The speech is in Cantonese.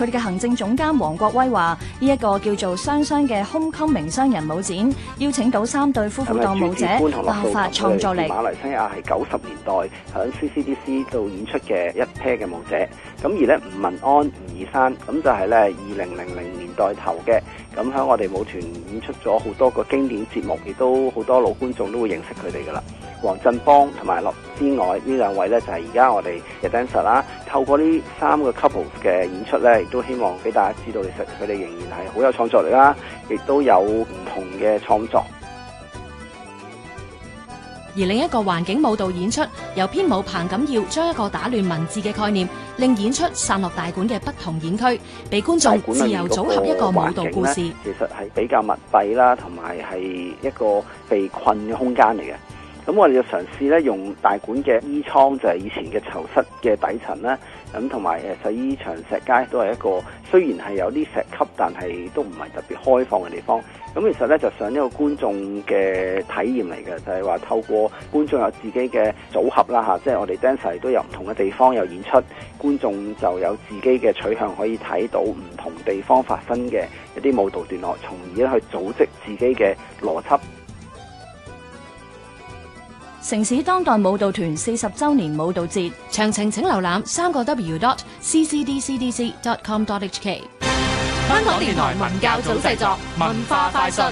佢哋嘅行政總監王國威話：呢一個叫做雙雙嘅 Homecoming 雙人舞展，邀請到三對夫婦當舞者，爆發創作力。馬來西亞係九十年代響 CCDC 度演出嘅一批嘅舞者，咁而咧吳文安、吳宜山，咁就係咧二零零零年代頭嘅，咁喺我哋舞團演出咗好多個經典節目，亦都好多老觀眾都會認識佢哋噶啦。黃振邦同埋樂之外呢兩位咧，就係而家我哋嘅 dancer 啦。透過呢三個 couple 嘅演出咧，亦都希望俾大家知道，其實佢哋仍然係好有創作力啦，亦都有唔同嘅創作。而另一個環境舞蹈演出，由編舞彭錦耀將一個打亂文字嘅概念，令演出散落大館嘅不同演區，俾觀眾自由組合一個舞蹈故事。其實，係比較密閉啦，同埋係一個被困嘅空間嚟嘅。咁我哋就嘗試咧，用大館嘅衣倉就係以前嘅囚室嘅底層啦，咁同埋誒洗衣場石街都係一個雖然係有啲石級，但係都唔係特別開放嘅地方。咁其實咧就想呢個觀眾嘅體驗嚟嘅，就係話透過觀眾有自己嘅組合啦吓，即係我哋 dancer 都有唔同嘅地方有演出，觀眾就有自己嘅取向可以睇到唔同地方發生嘅一啲舞蹈段落，從而咧去組織自己嘅邏輯。城市當代舞蹈團四十周年舞蹈節詳情請瀏覽，請瀏覽三個 w dot ccdcdc dot com dot hk。香港電台文教組製作，文化快訊。